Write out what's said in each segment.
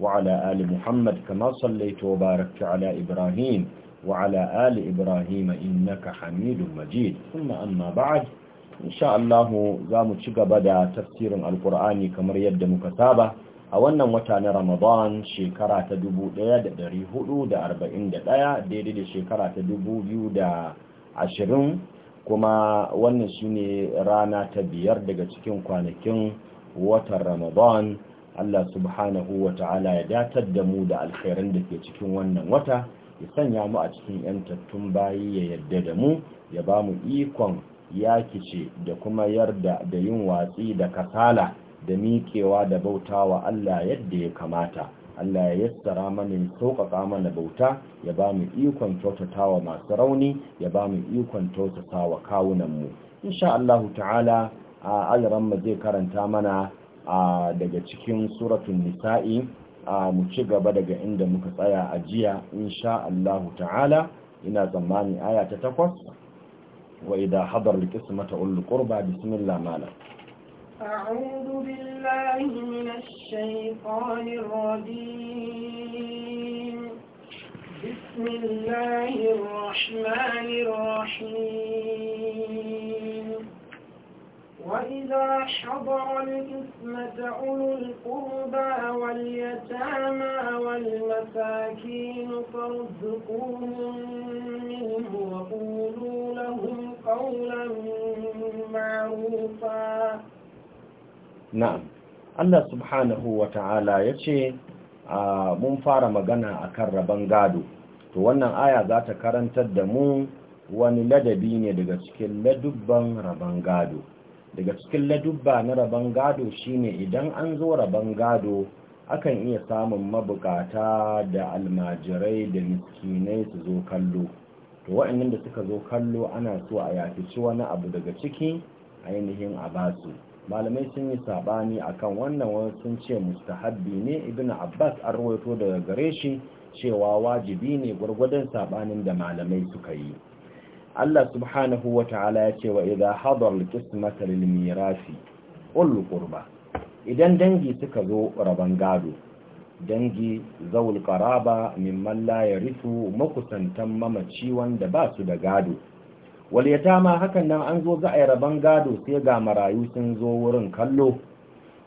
وعلى آل محمد كما صليت وباركت على إبراهيم وعلى آل إبراهيم إنك حميد مجيد ثم أما بعد إن شاء الله زام تشغب دا تفسير القرآن كما يبدأ مكتابة a wannan wata na ramadan shekara ta 1441 daidai da shekara ta 2020 kuma wannan shine rana ta biyar daga cikin kwanakin watan ramadan Allah subhanahu wa ta'ala ya datar da mu da alkhairan da ke cikin wannan wata ya sanya mu a cikin tattun bayi ya yarda da mu ya ba mu ikon yakice da kuma yarda da yin watsi da kasala da miƙewa da bautawa Allah yadda ya kamata Allah ya yassara mana ya sauƙaƙa mana bauta ya ba mu ikon kyautatawa masu rauni ya ba mu ikon kyautatawa kawunanmu insha Allah ta'ala a mu zai karanta mana daga cikin suratun nisa'i mu ci gaba daga inda muka tsaya a jiya insha Allah ta'ala ina tsammani aya ta takwas wa idha hadar alqismata ul qurba bismillah mala a'udhu billahi minash shaitanir rajim bismillahir rahmanir rahim وإذا حضر الإثمة أولو القربى واليتامى والمساكين فارزقوهم منه وقولوا لهم قولا معروفا نعم الله سبحانه وتعالى ta'ala mun fara magana a kan rabon gado to wannan aya za ta karantar da mu wani ladabi ne daga cikin ladubban rabon gado daga cikin ladubba na rabon gado shine idan an zo rabon gado akan iya samun mabukata da almajirai da miskinai su zo kallo to wa'annan da suka zo kallo ana so a yafici wani abu daga ciki ainihin a basu malamai sun yi sabani akan wannan wani sun ce mustahabbi ne ibn abbas an rawaito daga gare shi cewa wajibi ne gwargwadon sabanin da malamai suka yi Allah subhanahu wa ta'ala ya ce wa idha hadar al-qismata lil mirasi ul qurba idan dangi suka zo rabon gado dangi zawul qaraba mimman la yarithu makusantan mamaci wanda ba su da gado wal ma hakan nan an zo za a yi rabon gado sai ga marayu sun zo wurin kallo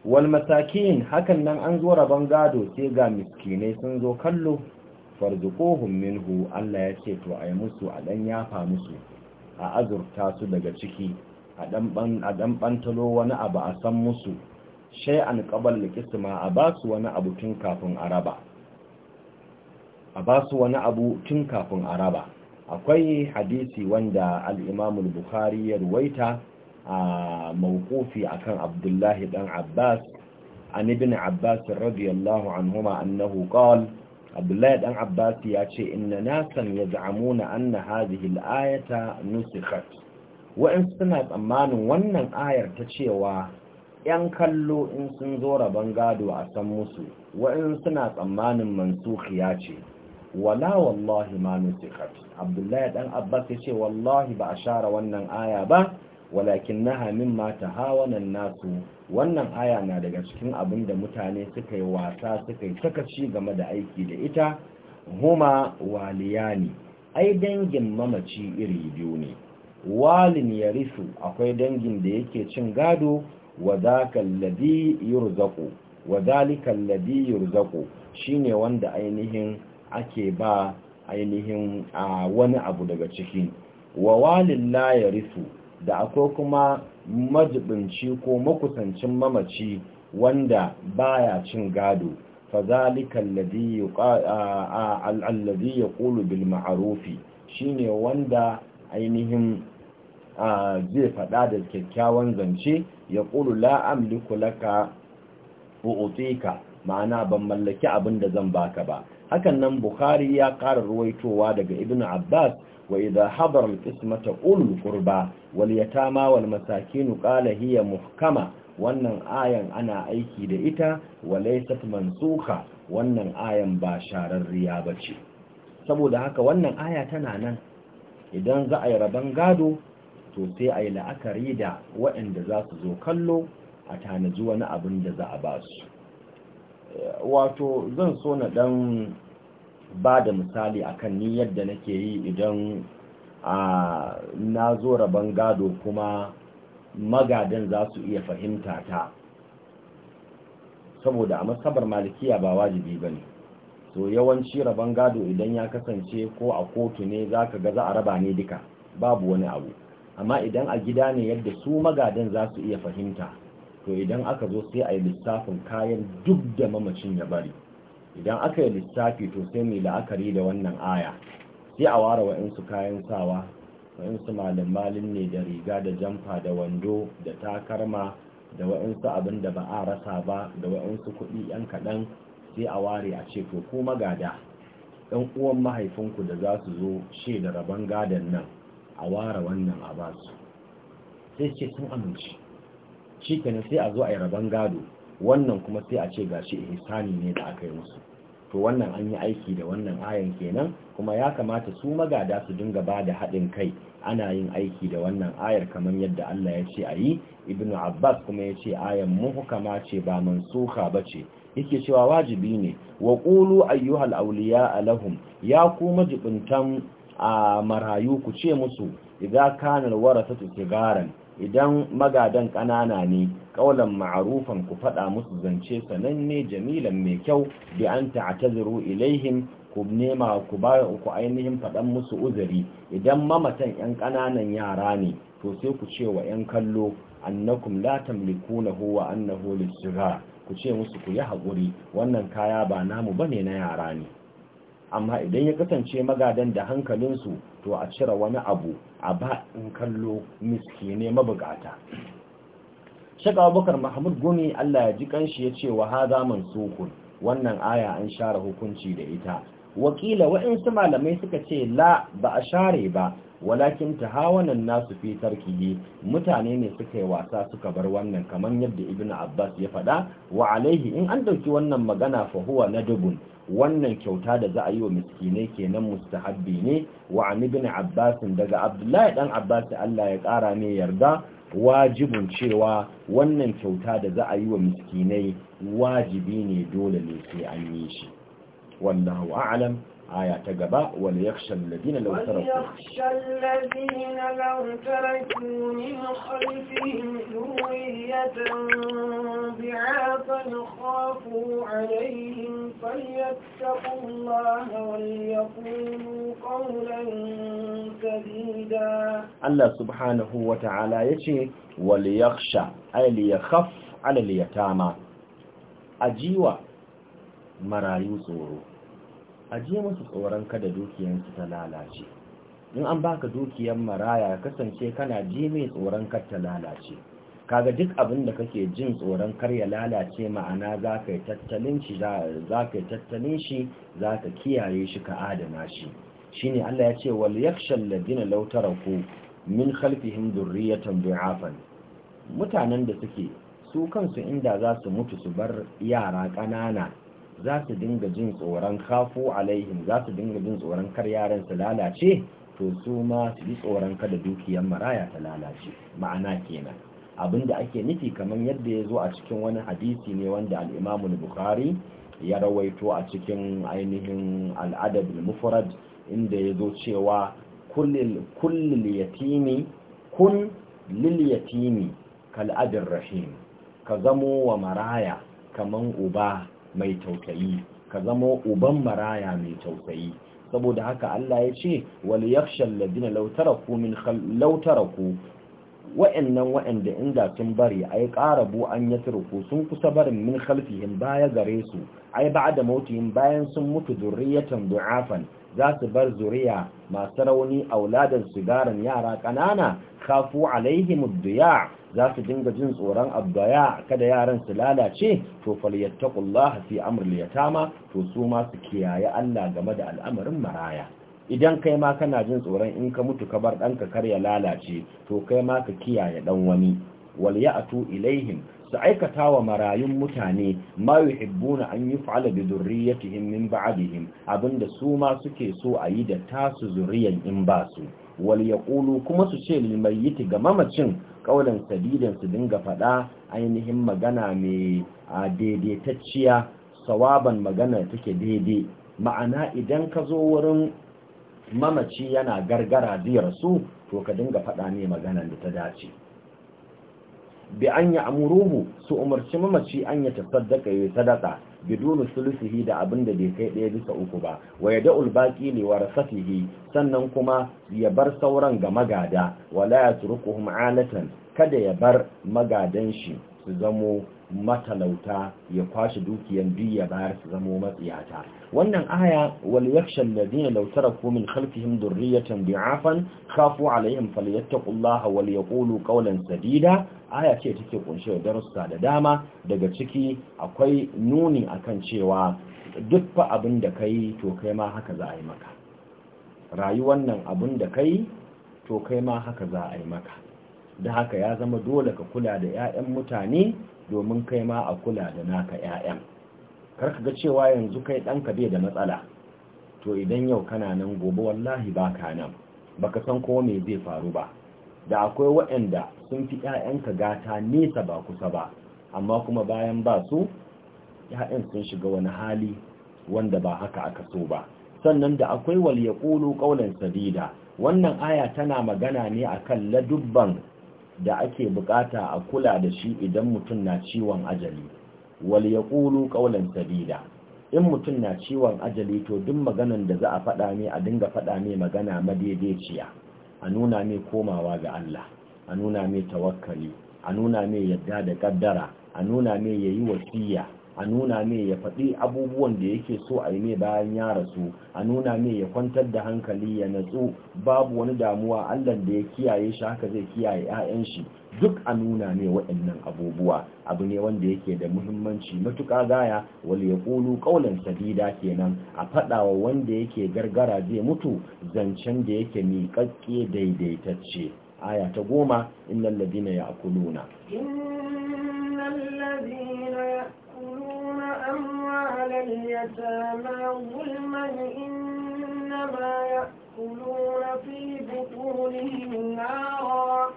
wal masakin hakan nan an zo raban gado sai ga miskinai sun zo kallo farzuquhum minhu Allah ya ce to a yi musu a dan yafa musu a azurta su daga ciki a dan ban a wani abu a san musu an qabal kisma a ba su wani abu tun kafin araba a ba su wani abu tun kafin araba akwai hadisi wanda al-Imam bukhari ya ruwaita a mawqufi akan abdullahi dan Abbas an ibn Abbas radiyallahu anhuma annahu qala abdullahi dan abbas ya ce inna nasan yaz'amuna anna hadhihi al-ayata nusikhat wa'in suna tsammanin wannan ayar ta cewa yan kallo in sun zo rabon gado a san musu wa'in suna tsammanin ya ce wala wallahi ma nusikhat abdullahi dan abbas ya ce wallahi ba a share wannan aya ba walakin naha mimma tahawana nasu wannan aya na daga cikin abin da mutane suka yi wasa suka yi ci game da aiki da ita huma waliyani ai dangin mamaci iri biyu ne walin ya risu akwai dangin da yake cin gado wa zakan shine wanda ainihin ake ba ainihin a wani abu daga ciki wa walin la ya risu da akwai kuma majibinci ko makusancin mamaci wanda baya cin gado fazalika alladhi yaqulu bil ma'ruf shine wanda ainihin zai fada da kyakkyawan zance ya qulu la amliku laka u'tika ma'ana ban mallaki abin da zan baka ba hakan nan bukhari ya kara ruwaitowa daga ibnu abbas وإذا حضر القسمة أولو القربى واليتامى والمساكين قال هي محكمة wannan ayan ana aiki da ita walaysat mansuka wannan ayan ba shararriya bace saboda haka wannan aya tana nan idan za a yi rabon gado to sai a yi la'akari da waɗanda za su zo kallo a tanaji wani abin da za a ba su eh, wato zan so na ɗan ba da misali akan ni yadda nake yi idan a na zo rabon gado kuma magadan za su iya fahimta ta saboda a masabar malikiya ba wajibi ba ne To yawanci rabon gado idan ya kasance ko a kotu ne za ka ga za a raba ne duka babu wani abu amma idan a gida ne yadda su magadan za su iya fahimta to idan aka zo sai a yi lissafin kayan duk da mamacin ya bari idan aka yi lissafi to sai mai la'akari da wannan aya sai a ware wa'insu kayan sawa wa'insu malin-malin ne da riga da jamfa da wando da takarma da wa'insu abin da ba a rasa ba da wa'insu kuɗi 'yan kaɗan sai a ware a ce to ko magada ɗan uwan mahaifinku da za su zo she da rabon gadon nan a ware wannan a basu sai ce sun amince shi kenan sai a zo a yi rabon gado wannan kuma sai a ce gashi ihsani ne da aka yi musu to wannan an yi aiki da wannan ayan kenan kuma ya kamata su magada su dinga ba da haɗin kai ana yin aiki da wannan ayar kamar yadda Allah ya ce a yi ibnu abbas kuma ya ce ayan muhkama ce ba mansuha bace ce yake cewa wajibi ne wa qulu ayyuhal awliya lahum ya ku majibuntan a marayu ku ce musu idza kana warasatu sigaran idan magadan ƙanana ne ƙaulan ma'arufan ku faɗa musu zance sananne jamilan mai kyau bi an ta'taziru ilaihim ku nema ku ba ku ainihin faɗan musu uzuri idan mamatan 'yan ƙananan yara ne to sai ku ce wa 'yan kallo annakum la na huwa annahu lis ku ce musu ku yi haƙuri wannan kaya ba namu bane na yara ne amma idan ya kasance magadan da hankalinsu to a cire wani abu a ba in kallo miski ne mabukata shaka bakar mahmud gumi allah ya ji kanshi ya ce wa haza sukun wannan aya an share hukunci da ita wakila wa'insu malamai suka ce la ba a share ba walakin hawanan nasu fi tarkihi mutane ne suka yi wasa suka bar wannan kamar yadda ibnu abbas ya faɗa wa alaihi in an ɗauki wannan magana fa huwa nadubun wannan kyauta da za a yi wa miskinai kenan mustahabbi ne wa an Abbasin daga abdullahi dan abbas Allah ya kara ne yarda wajibin cewa wannan kyauta da za a yi wa miskinai wajibi ne dole ne sai an yi shi wallahu a'lam آية تقبى وليخشى الذين لو تركوا وليخشى الذين لو تركوا من خلفهم ذرية بعافا خافوا عليهم فليتقوا الله وليقولوا قولا سديدا الله سبحانه وتعالى يتي وليخشى أي ليخف على اليتامى أجيوة مرايو صوره ajiye musu tsoron kada dukiyansu ta lalace in an baka dukiyar maraya kasance kana ji mai tsoron kar ta lalace kaga duk abin da kake jin tsoron kar ya lalace ma'ana za ka yi tattalin shi za ka yi tattalin shi za ka kiyaye shi ka adana shi shine Allah ya ce wal yakhsha ladina law taraku min khalfihim dhurriyatan du'afan mutanen da suke su kansu inda za su mutu su bar yara ƙanana za su dinga jin tsoron kafu alaihim za su dinga jin tsoron kar yaran su lalace to su ma su yi tsoron kada dukiyar maraya ta lalace ma'ana kenan da ake nufi kamar yadda ya zo a cikin wani hadisi ne wanda al-imamu bukhari ya rawaito a cikin ainihin al'adab al-mufrad inda ya zo cewa kullil yatimi kun lil yatimi kal rahim ka zamo wa maraya kaman uba mai tausayi ka zamo uban maraya mai tausayi saboda haka Allah ya ce wal yakhshal ladina law taraku min law taraku wa'annan wa'anda inda sun bari ai qarabu an yatruku sun kusa barin min khalfihim baya gare su ai ba'da mautihim bayan sun mutu zurriyatan du'afan za su bar zuriya masu rauni auladan sigaran yara kanana kafu alaihim ad za su dinga jin tsoron abdaya kada yaran su lalace to falyattaqullaha fi amri al-yatama to su ma su kiyaye Allah game da al'amarin maraya idan kai ma kana jin tsoron in ka mutu ka bar ɗanka kar ya lalace to kai ma ka kiyaye ɗan wani wal ya'tu ilaihim su aikata wa marayun mutane ma yuhibbuna an yuf'ala bi dhurriyyatihim min ba'dihim abinda su ma suke so a yi da tasu zuriyan in ba su wal yaqulu kuma su ce lil mayyiti ga mamacin kaulan sadidan su dinga faɗa ainihin magana mai daidaitacciya sawaban magana take daidai ma'ana idan ka zo wurin mamaci yana gargara biyar su to ka dinga faɗa ne maganan da ta dace bi an ya amuruhu su umarci mamaci an ya tasaddaka ya sadaka dunu sulusihi da abin da bai kai ɗaya bisa uku ba wa ya da'ul baqi li warasatihi sannan kuma ya bar sauran ga magada wala yatrukuhum alatan kada ya bar magadan shi su zamo matalauta ya kwashe dukiyan biyu ya bayar su zamo matsiyata wannan aya wal yakhshal ladina law taraku min khalfihim dhurriyatan bi'afan khafu alaihim falyattaqullaha wal yaqulu qawlan sadida aya ce take kunshe da darussa da dama daga ciki akwai nuni akan cewa duk fa abin da kai to kai ma haka za a yi maka rayuwar nan abin da kai to kai ma haka za a yi maka da haka ya zama dole ka kula da 'ya'yan mutane domin kai ma a kula da naka 'ya'yan kar ka ga cewa yanzu kai ɗanka bai da matsala to idan yau kana nan gobe wallahi ba ka nan ba ka san ko me zai faru ba da akwai waɗanda sun fi 'ya'yanka gata nesa ba kusa ba amma kuma bayan ba su 'ya'yan sun shiga wani hali wanda ba haka aka so ba sannan da akwai wal yaqulu ƙaunar sadida wannan aya tana magana ne akan ladubban da ake bukata a kula da shi idan mutum na ciwon ajali wal yaqulu qawlan sadida in mutum na ciwon ajali to duk maganan da za a faɗa ne a dinga faɗa ne magana madaidaiciya a nuna mai komawa ga Allah a nuna mai tawakkali a nuna mai yadda da kaddara a nuna mai yayi wasiya a nuna mai ya faɗi abubuwan da yake so a yi mai bayan ya rasu a nuna mai ya kwantar da hankali ya natsu babu wani damuwa allah da ya kiyaye shi haka zai kiyaye 'ya'yan shi duk a nuna mai waɗannan abubuwa abu ne wanda yake da muhimmanci matuƙa gaya wali ya ƙulu ƙaunar sadida kenan a faɗawa wanda yake gargara zai mutu zancen da yake miƙaƙƙe daidaitacce aya ta goma innal ladina ya'kuluna innal ladina أموال اليتامى ظلما إنما يأكلون في بطونهم نارا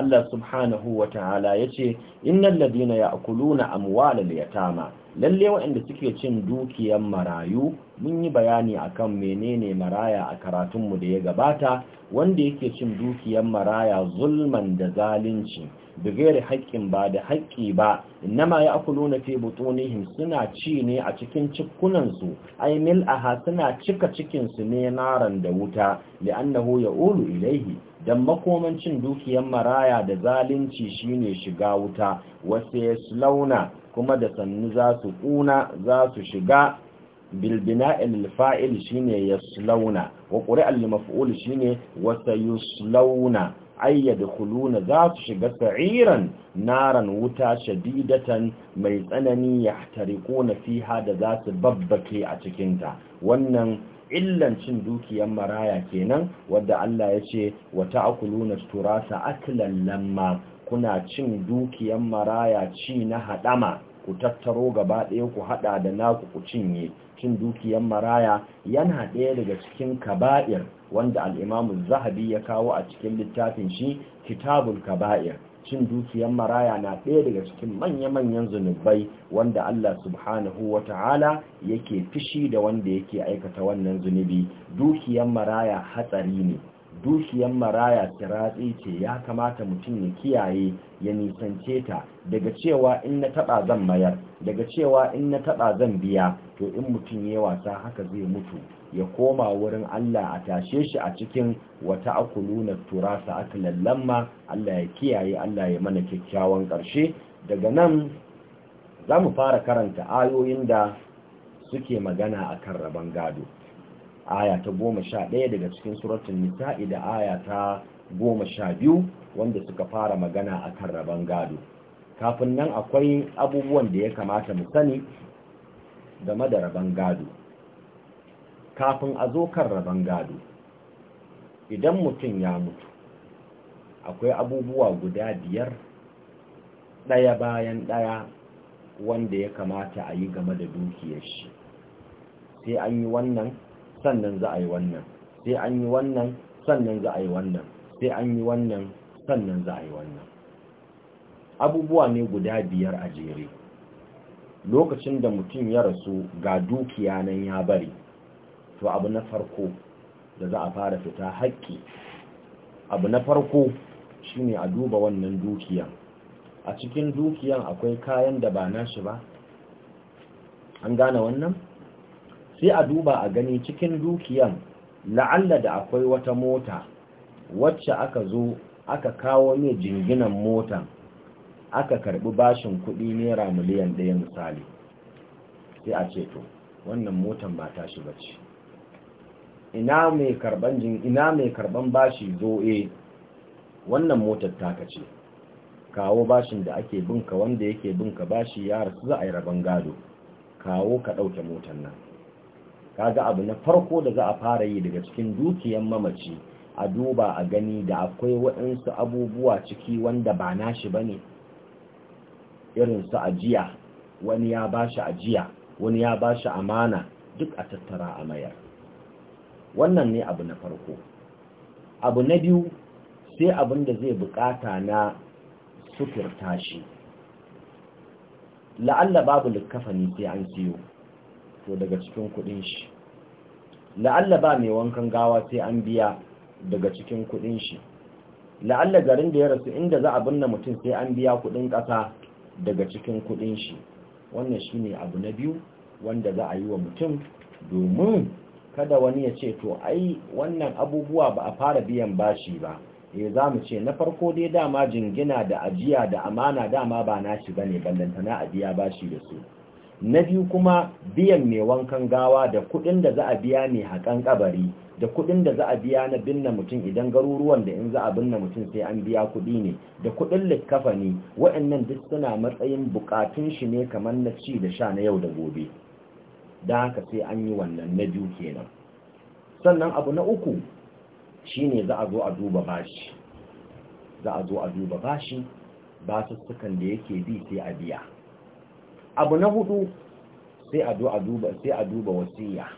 Allah subhanahu wa ta'ala ya ce, Innan ladina ya akuluna amwalar yatama, lalle waɗanda suke cin dukiyan marayu, mun yi bayani akan menene maraya a karatunmu da ya gabata, wanda yake cin dukiyan maraya zulman da zalunci. bi gairi haƙƙin ba da haƙƙi ba inna ya akulu na fi butunihim suna ci ne a cikin cikunansu ai mil aha suna cika cikinsu ne naran da wuta li'annahu ya ulu ilaihi dan makomancin dukiyar maraya da zalunci shine shiga wuta wasu ya launa kuma da sannu za su ƙuna za su shiga bilbina ilfa'il shine ya launa wa ƙuri'ar maf'ul shine wasa yuslauna Ayyada kuluna za su shiga sa'iran naran wuta shadidatan mai tsanani yahtariquna fiha da za su babbake a cikin ta wannan illan cin dukiyar maraya kenan wadda Allah ya ce wata akuluna turasa akilan lamma kuna cin dukiyar maraya ci na hadama ku tattaro gaba ɗaya ku haɗa da naku ku cinye cin dukiyan maraya yana ɗaya daga cikin kaba'ir wanda al'imamu zahabi ya kawo a cikin littafin shi kitabul kaba'ir cin dukiyan maraya na ɗaya daga cikin manya-manyan zunubai wanda Allah subhanahu wa ta'ala yake fishi da wanda yake aikata wannan zunubi dukiyan maraya hatsari ne dukiyar maraya tiratsi ce ya kamata mutum ya kiyaye ya nisance ta daga cewa in na taba zan mayar daga cewa in na taba zan biya to in mutum ya wasa haka zai mutu ya koma wurin Allah a tashe shi a cikin wata akuluna turasa aka lamma Allah ya kiyaye Allah ya mana kyakkyawan ƙarshe daga nan za mu fara karanta ayoyin da suke magana a kan rabon gado aya ta goma sha ɗaya daga cikin suratun nisa'i da aya ta goma sha biyu wanda suka fara magana a kan rabon gado kafin nan akwai abubuwan da ya kamata mu sani game da rabon gado kafin a zo kan rabon gado idan mutum ya mutu akwai abubuwa guda biyar ɗaya bayan ɗaya wanda ya kamata a yi game da dukiyar shi sai an yi wannan sannan za a yi wannan sai an yi wannan sannan za a yi wannan sai an yi wannan sannan za a yi wannan abubuwa ne guda biyar a jere lokacin da mutum ya rasu ga dukiya nan ya bari to abu na farko da za a fara fita haƙƙi abu na farko shi ne a duba wannan dukiyan a cikin dukiyan akwai kayan da ba nashi ba an gane wannan sai a duba a gani cikin dukiyan la'alla da akwai wata mota wacce aka zo aka kawo ne jinginan motan aka karbi bashin kudi naira miliyan ɗaya misali sai a ce to wannan motan ba ta shi bace ina mai karban jin ina mai karban bashi zo e wannan motar ta ce kawo bashin da ake binka wanda yake binka bashi ya rasu za a yi rabon gado kawo ka ɗauke motar nan kaga abu na farko da za a fara yi daga cikin dukiyan mamaci a duba a gani da akwai waɗansu abubuwa ciki wanda ba nashi bane irin su ajiya wani ya bashi ajiya wani ya bashi amana duk a tattara a mayar wannan ne abu na farko abu na biyu sai abin da zai bukata na sufurta shi la'alla babu likkafani sai an siyo to daga cikin kudin shi la'alla ba mai wankan gawa sai an biya daga cikin kudin shi la'alla garin da ya rasu inda za a binne mutum sai an biya kudin kasa daga cikin kudin shi wannan shine abu na biyu wanda za a yi wa mutum domin kada wani ya ce to ai wannan abubuwa ba a fara biyan bashi ba eh za mu ce na farko dai dama jingina da ajiya da amana dama ba nashi bane ballantana a biya bashi da su na biyu kuma biyan mai wankan gawa da kuɗin da za a biya mai haƙan kabari da kuɗin da za a biya na binne mutum idan garuruwan da in za a binne mutum sai an biya kuɗi ne da kuɗin likkafa ne waɗannan duk suna matsayin buƙatun shi ne kamar na ci da sha na yau da gobe da haka sai an yi wannan na biyu kenan sannan abu na uku shine za a zo a duba bashi za a zo a duba bashi basussukan da yake bi sai a biya abu na hudu sai a duba sai a duba wasiya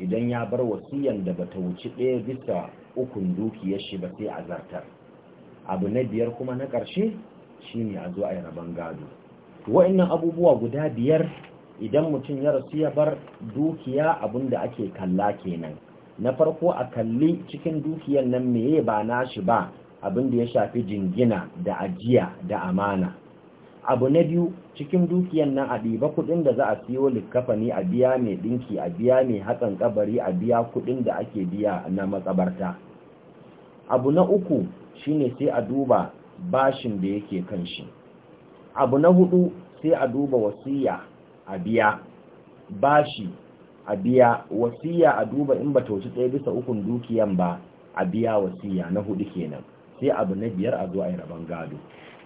idan ya bar wasiyan da bata wuce ɗaya bisa ukun dukiyar shi ba sai a zartar abu na biyar kuma na ƙarshe shine a zo a yi rabon gado wa'annan abubuwa guda biyar idan mutum ya rasu ya bar dukiya abun da ake kalla kenan na farko a kalli cikin dukiyar nan meye ba nashi ba da ya shafi jingina da ajiya da amana abu na biyu cikin dukiyan nan a ɗiba kuɗin da za a siyo likafani a biya mai ɗinki a biya mai hatsan ƙabari a biya kuɗin da ake biya na makabarta abu na uku shine sai a duba bashin da yake kan shi abu na hudu sai a duba wasiya a biya bashi a biya wasiya a duba in ba tauci ɗaya bisa ukun dukiyan ba a biya wasiya na hudu kenan sai abu na biyar a zo a yi rabon gado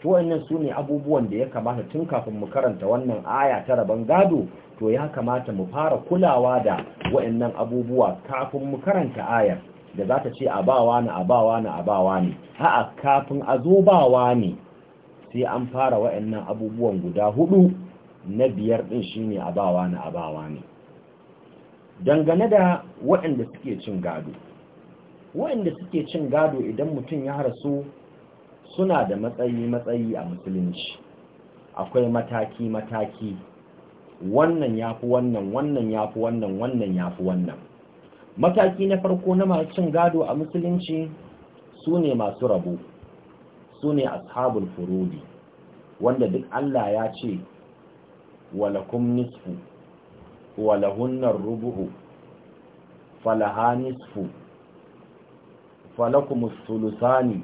to wannan su ne abubuwan da ya kamata tun kafin mu karanta wannan aya ta rabon gado to ya kamata mu fara kulawa da wa'annan abubuwa kafin mu karanta ayar da za ta ce a a na abawa a abawa ne a'a kafin a zo bawa ne sai an fara wa'annan abubuwan guda hudu na biyar din shine abawa a abawa ni. dangane da waɗanda suke cin gado waɗanda suke cin gado idan mutum ya rasu. suna da matsayi-matsayi a musulunci akwai mataki-mataki wannan ya fi wannan wannan ya fi wannan wannan ya fi wannan mataki na farko na masu cin gado a musulunci su ne masu rabo su ne ashabul furudi wanda duk Allah ya ce walakum nisfu walahunnar rubu'u falaha nisfu falakumus sulusani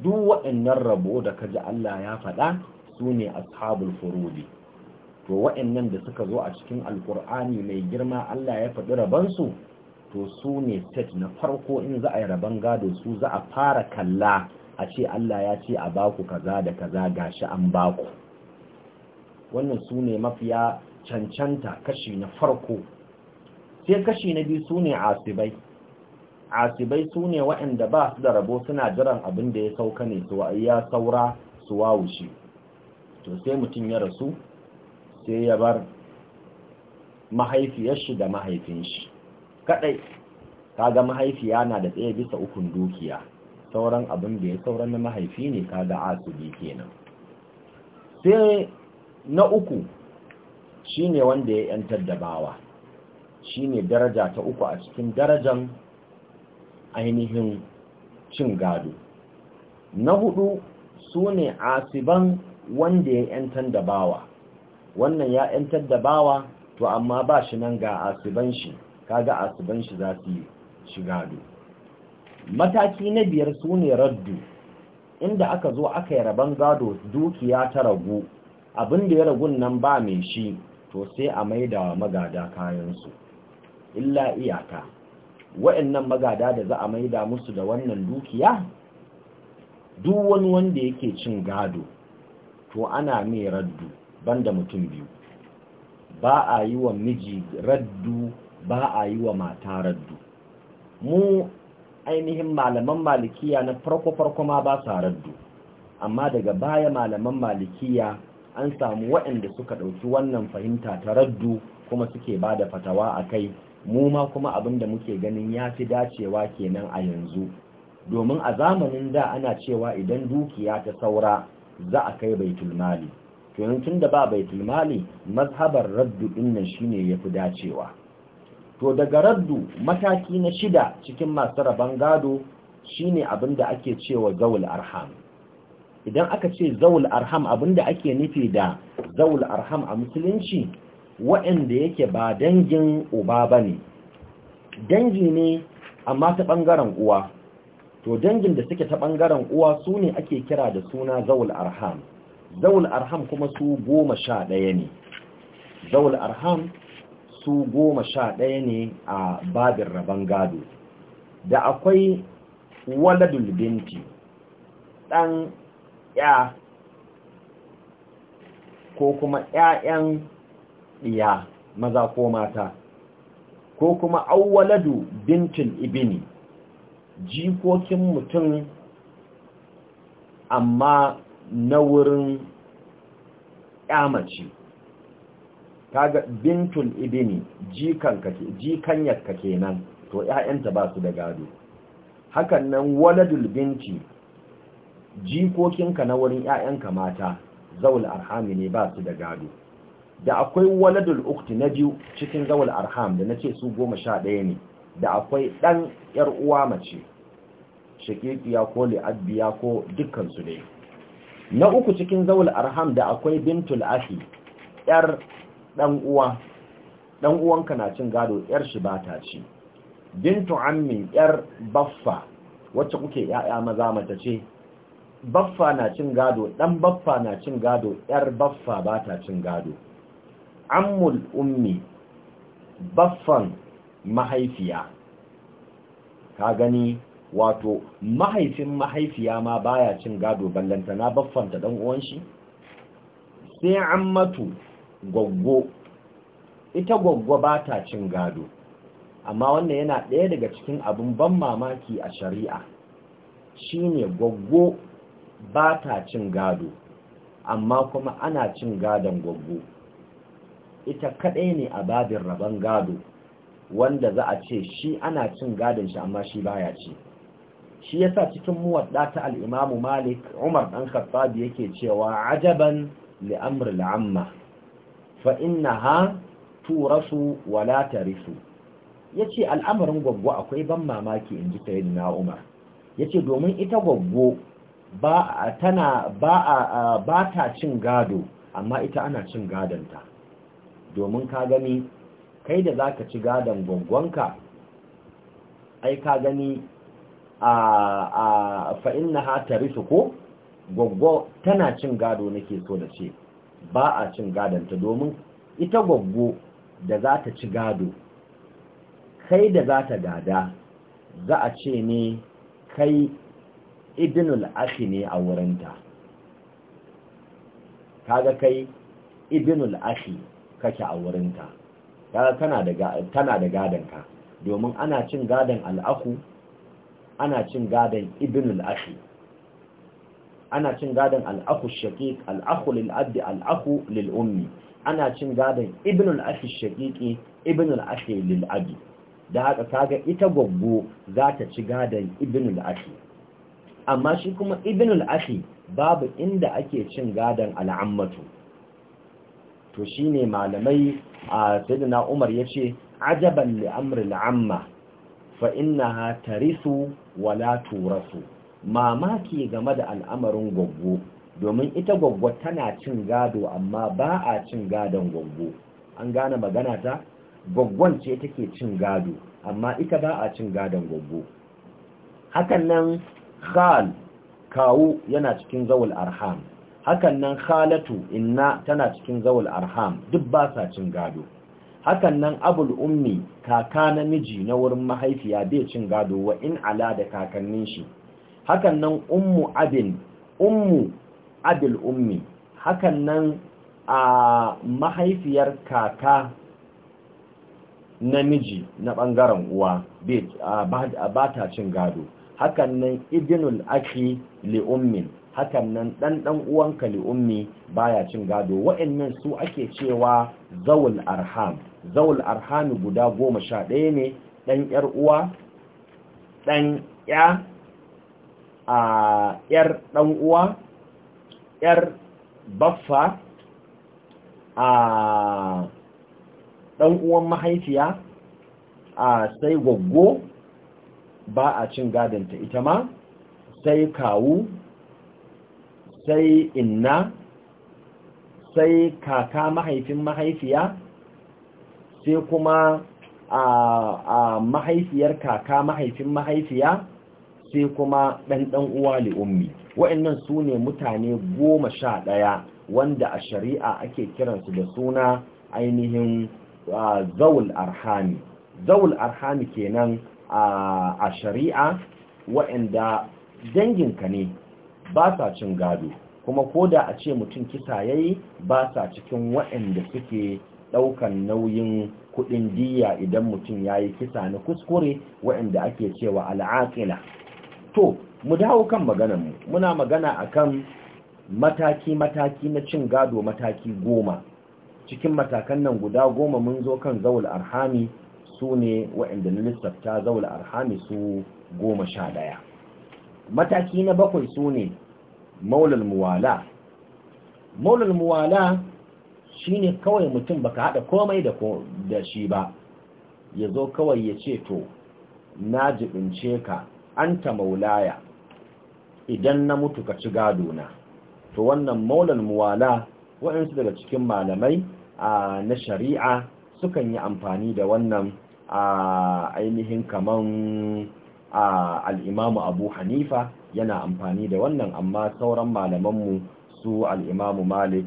duk waɗannan rabo da kaji Allah ya faɗa su ne ashabul furudi to waɗannan da suka zo a cikin alkur'ani mai girma Allah ya faɗi rabansu to su ne set na farko in za a yi rabon gado su za a fara kalla a ce Allah ya ce a baku kaza da kaza gashi an baku wannan su ne mafiya cancanta kashi na farko sai kashi na biyu su ne asibai asibai su ne waɗanda ba su da rabo suna jiran abin da ya sauka ne su ya saura su wawushi to sai mutum ya rasu sai ya bar mahaifiyar shi da mahaifin shi kadai kaga mahaifiya na da tsaye bisa ukun dukiya sauran abin da ya sauran na mahaifi ne kaga asibi kenan sai na uku shine wanda ya yantar da bawa shine daraja ta uku a cikin darajan ainihin cin gado na hudu su ne asiban wanda ya yantar da bawa wannan ya yantar da bawa to amma ba shi nan ga asiban shi kaga asiban shi za su yi shi gado mataki na biyar su ne raddu inda aka zo aka yi rabon gado dukiya ta ragu abin da ya ragun nan ba mai shi to sai a maida wa magada kayansu illa iyaka wa'annan magada da za a maida musu da wannan dukiya duk wani wanda yake cin gado to ana mai raddu banda mutum biyu ba a yi wa miji raddu ba a yi wa mata raddu mu ainihin malaman malikiya na farko-farko ma ba sa raddu amma daga baya malaman malikiya an samu waɗanda suka ɗauki wannan fahimta ta raddu kuma suke bada fatawa a kai mu ma kuma abin da muke ganin ya fi dacewa kenan a yanzu domin a zamanin da ana cewa idan dukiya ta saura za a kai baitul mali to tun da ba baitul mali mazhabar raddu din shine ya fi dacewa to daga raddu mataki na shida cikin masu rabon gado shine abin da ake cewa zawul arham idan aka ce zawul arham abin da ake nufi da zawul arham a musulunci waɗanda yake ba dangin uba ba ne dangi ne amma ta ɓangaren uwa to dangin da suke ta ɓangaren uwa su ne ake kira da suna zawul arham zawul arham kuma su goma sha ɗaya ne zawul arham su goma sha ɗaya ne a babin rabon gado da akwai waladul binti ɗan ya ko kuma ‘ya'yan ɗiya maza ko mata ko kuma awwaladu bintul ibini jikokin mutum amma na wurin ƙyamaci kaga bintul ibini jikanyarka kenan to ‘ya'yanta ba su da gado hakan nan waladul binti jikokinka na wurin ‘ya'yanka mata zawul arhami ne ba su da gado da akwai waladul ukti na biyu cikin zawal arham da nace su goma sha ɗaya ne da akwai ɗan yar uwa mace shakikiya ko li'abbiya ko dukkan su dai na uku cikin zawal arham da akwai bintul ahi yar dan uwa dan uwanka na cin gado yar shi ba ta ci bintu ammi yar baffa wacce kuke yaya maza mata ce baffa na cin gado ɗan baffa na cin gado yar baffa ba ta cin gado ammul ummi baffan mahaifiya ka gani wato mahaifin mahaifiya ma baya cin gado ballanta na baffanta dan uwan shi sai ammatu goggo ita goggo ba ta cin gado amma wannan yana ɗaya daga cikin abin ban mamaki a shari'a shine goggo ba ta cin gado amma kuma ana cin gadon goggo ita kaɗai ne a babin rabon gado wanda za a ce shi ana cin gadon shi amma shi baya ci shi yasa cikin muwadda ta al Malik Umar dan Khattab yake cewa ajaban li amri al fa innaha turasu wa la tarisu yace al'amarin gwaggo akwai ban mamaki inji sayyidina Umar yace domin ita gwaggo ba ta cin gado amma ita ana cin gadon ta. domin ka gani kai da za ka ci gadon gwangwanka ai ka gani a fa'in na hatari su ko gwaggo tana cin gado nake so da ce ba a cin gadonta domin ita gwaggo da za ta ci gado kai da za ta gada za a ce ne kai idinul ashi ne a wurinta kaga kai idinul ashi kake a wurinta tana da gadon ka domin ana cin gadon al'aku ana cin gadon ibn al'ashi ana cin gadon al'aku shaƙiƙ al'aku lil'abdi al'aku lil'ummi ana cin gadon ibn al'ashi shaƙiƙi ibn al'ashi lil'abi da haka kaga ita gwaggo za ta ci gadon ibn al'ashi amma shi kuma ibn al'ashi babu inda ake cin gadon al'ammatu to shi ne malamai a sayyidina Umar yace ajaban li amma fa innaha tarisu wa la turasu mamaki game da al'amarin gwaggo domin ita gwaggo tana cin gado amma ba a cin gadon gwaggo an gane magana ta gwaggon ce take cin gado amma ita ba a cin gadon gwaggo hakan nan khal kawu yana cikin zawul arham hakan nan khalatu inna tana cikin zawul arham duk ba sa cin gado hakan nan abul ummi kaka namiji na wurin mahaifiya bai cin gado wa in ala da kakannin shi hakan nan ummu abin ummu abul ummi hakan nan a mahaifiyar kaka namiji na bangaren uwa ba ta cin gado hakan nan ibnul aki li ummin hakan nan dan dan uwanka li ummi baya cin gado wa'annan su ake cewa zawul arham zawul arham guda 11 ne dan yar uwa dan ya a yar dan uwa yar baffa a dan uwan mahaifiya a sai goggo ba a cin gadonta ita ma sai kawu sai inna sai kaka mahaifin mahaifiya sai kuma a mahaifiyar kaka mahaifin mahaifiya sai kuma ɗanɗan uwa li'ummi wa'annan su ne mutane goma sha ɗaya wanda a shari'a ake kiransu da suna ainihin zawul arhami zawul arhami kenan a shari'a wa'anda danginka ne ba sa cin gado kuma ko da a ce mutum kisa ya yi ba sa cikin waɗanda suke ɗaukan nauyin kuɗin diya idan mutum ya yi kisa na kuskure waɗanda ake cewa al'aƙila to mu dawo kan maganarmu muna magana akan mataki-mataki na cin gado mataki goma cikin matakan nan guda goma mun zo kan zaul arhami su ne waɗanda na lissafta zaul arhami su goma sha ɗaya mataki na bakwai su ne maulal muwala maulal muwala shine kawai mutum baka haɗa komai da da shi ba yazo kawai ya ce to na jibince ka anta maulaya idan na mutu ka ci gado na to wannan maulal muwala waɗansu daga cikin malamai na shari'a sukan yi amfani da wannan ainihin kaman al'imamu abu hanifa yana amfani da wannan amma sauran malamanmu su al'imamu malik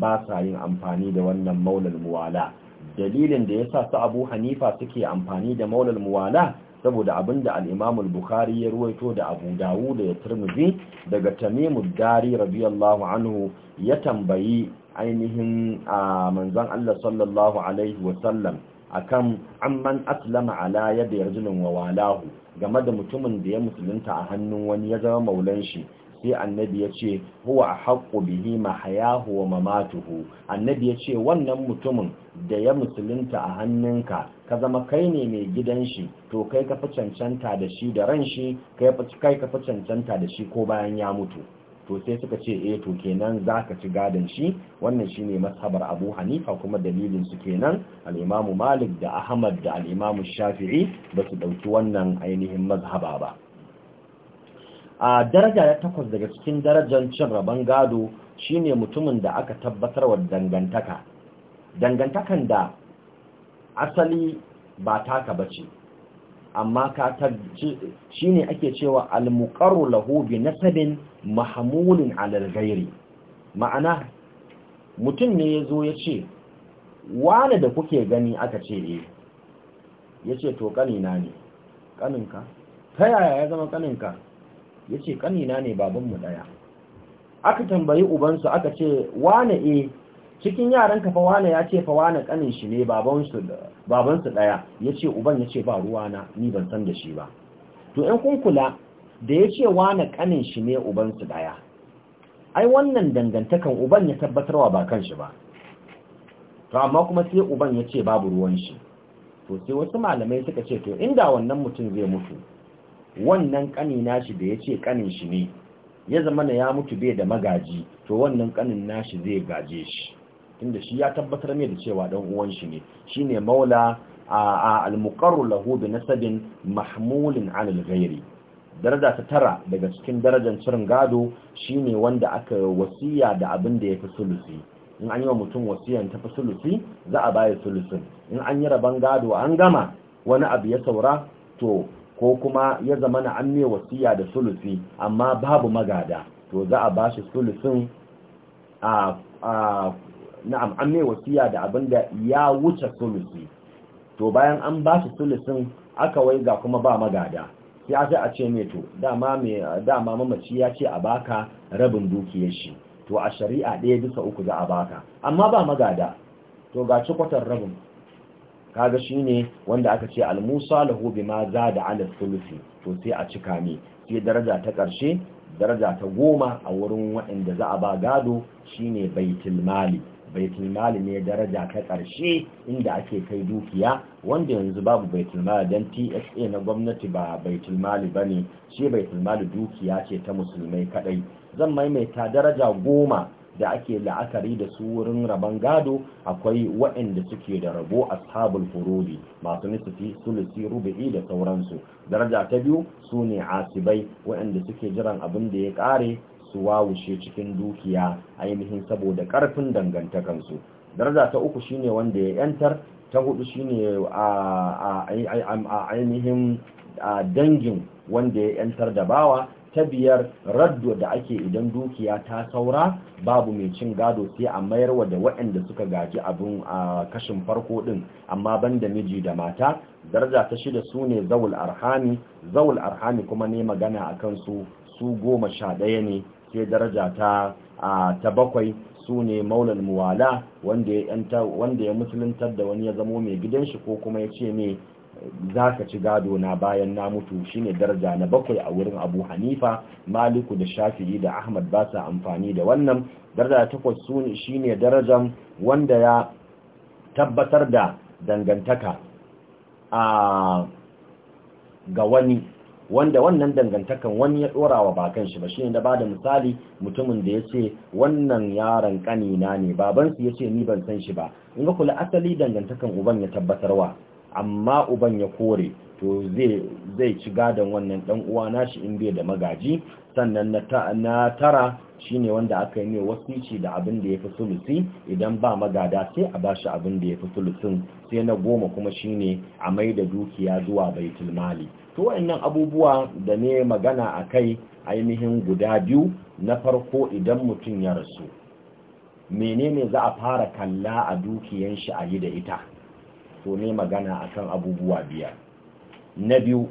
ba sa yin amfani da wannan maulal muwala dalilin da ya sa su abu hanifa suke amfani da maulal muwala saboda abin da al'imamu bukhari ya ruwaito da abu dawu da ya turmuzi daga tamimu dari radiyallahu anhu ya tambayi ainihin a manzan allah sallallahu alaihi wasallam akan amman aslama ala yadda yarjulun wa walahu game da mutumin da ya musulunta a hannun wani ya zama maulan shi sai annabi ya ce huwa haqqu bihi ma hayahu wa mamatuhu annabi ya ce wannan mutumin da ya musulunta a hannunka ka zama kai ne mai gidan shi to kai ka fi cancanta da shi da ran shi kai ka fi cancanta da shi ko bayan ya mutu to sai suka ce eh to kenan za ka ci gadon shi wannan shine mashabar abu hanifa kuma dalilin su kenan al'imamu malik da ahmad da al'imamu shafi'i ba su ɗauki wannan ainihin mazhaba ba a daraja ya takwas daga cikin darajar cin rabon gado shine mutumin da aka tabbatar wa dangantaka dangantakan da asali ba taka ba ce. amma ka shine ake cewa al-muqarru lahu bi nasabin mahmulin 'ala ma'ana mutum ne yazo yace wani da kuke gani aka ce eh yace to kanina ne kaninka ta yaya ya zama kaninka yace kanina ne babanmu daya aka tambayi ubansu aka ce wani eh cikin yaran ka fawana ya ce fawana kanin shi ne babansu babansu daya yace uban yace ba ruwa ni ban san da shi ba to in kun kula da yace wana kanin shi ne ubansu daya ai wannan dangantakan uban ya tabbatarwa ba kan shi ba to amma kuma sai uban yace babu ruwan shi to sai wasu malamai suka ce to inda wannan mutum zai mutu wannan kani nashi da yace kanin shi ne ya zama na ya mutu bai da magaji to wannan kanin nashi zai gaje shi tunda shi ya tabbatar mai da cewa dan uwan shi ne shine maula al-muqarru lahu bi nasabin mahmulin 'ala al-ghayri daraja ta tara daga cikin darajar cirin gado shine wanda aka wasiya da abin da ya fi sulusi in an yi wa mutum wasiyan ta fi sulusi za a bayar sulusin in an yi rabon gado an gama wani abu ya saura to ko kuma ya zama na an wasiya da sulusi amma babu magada to za a ba shi sulusin a na'am an mai wasiya da abin da ya wuce sulusi to bayan an ba su sulusin aka ga kuma ba magada sai a sai a ce mai to dama mai mamaci ya ce a baka rabin dukiyar shi to a shari'a ɗaya bisa uku za a baka amma ba magada to ga cikwatar rabin kaga shi ne wanda aka ce lahu bi ma za da ala sulusi to sai a cika ne sai daraja ta karshe daraja ta goma a wurin waɗanda za a ba gado shine baitul mali baitulmal ne daraja ta ƙarshe inda ake kai dukiya wanda yanzu babu baitulmal don dan TSA na gwamnati ba baitulmal ba ne, shi baitulmal dukiya ce ta musulmai kadai zan maimaita daraja goma da ake la'akari da su wurin rabon gado akwai waɗanda suke da rabo ashabul furudi masu nisifi sulusi rubu'i da sauransu daraja ta biyu su ne asibai waɗanda suke jiran abin da ya ƙare su wawushe cikin dukiya ainihin saboda ƙarfin dangantakansu daraja ta uku shine wanda ya yantar ta hudu shine a ainihin dangin wanda ya yantar da bawa ta biyar raddo da ake idan dukiya ta saura babu mai cin gado sai a mayar wa da waɗanda suka gaji abin a kashin farko ɗin amma ban da miji da mata daraja ta shida su ne zawul arhami zawul arhami kuma ne magana a kansu su goma sha ɗaya ne sai daraja ta ta bakwai su ne maulan muwala wanda ya musuluntar da wani ya zamo mai gidan shi ko kuma ya ce mai za ka ci gado na bayan na mutu shine daraja na bakwai a wurin abu hanifa maliku da shafi'i da ahmad ba sa amfani da wannan daraja takwas su ne darajan wanda ya tabbatar da dangantaka a ga wani wanda wannan dangantakan wani ya dora wa bakan shi ba shi da bada misali mutumin da ya ce wannan yaron kanina ne babansu ya ce ni ban san shi ba in ga kula asali dangantakan uban ya tabbatarwa amma uban ya kore to zai ci gadon wannan dan uwa nashi in bai da magaji sannan na tara shine wanda aka yi ne wasici da abin da ya fi sulusi idan ba magada sai a ba shi abin da ya fi sulusin sai na goma kuma shine a mai da dukiya zuwa baitul mali to abubuwa da ne magana a kai ainihin guda biyu na farko idan mutum ya rasu menene za a fara kalla a dukiyan shi a yi da ita to ne magana akan abubuwa biyar na biyu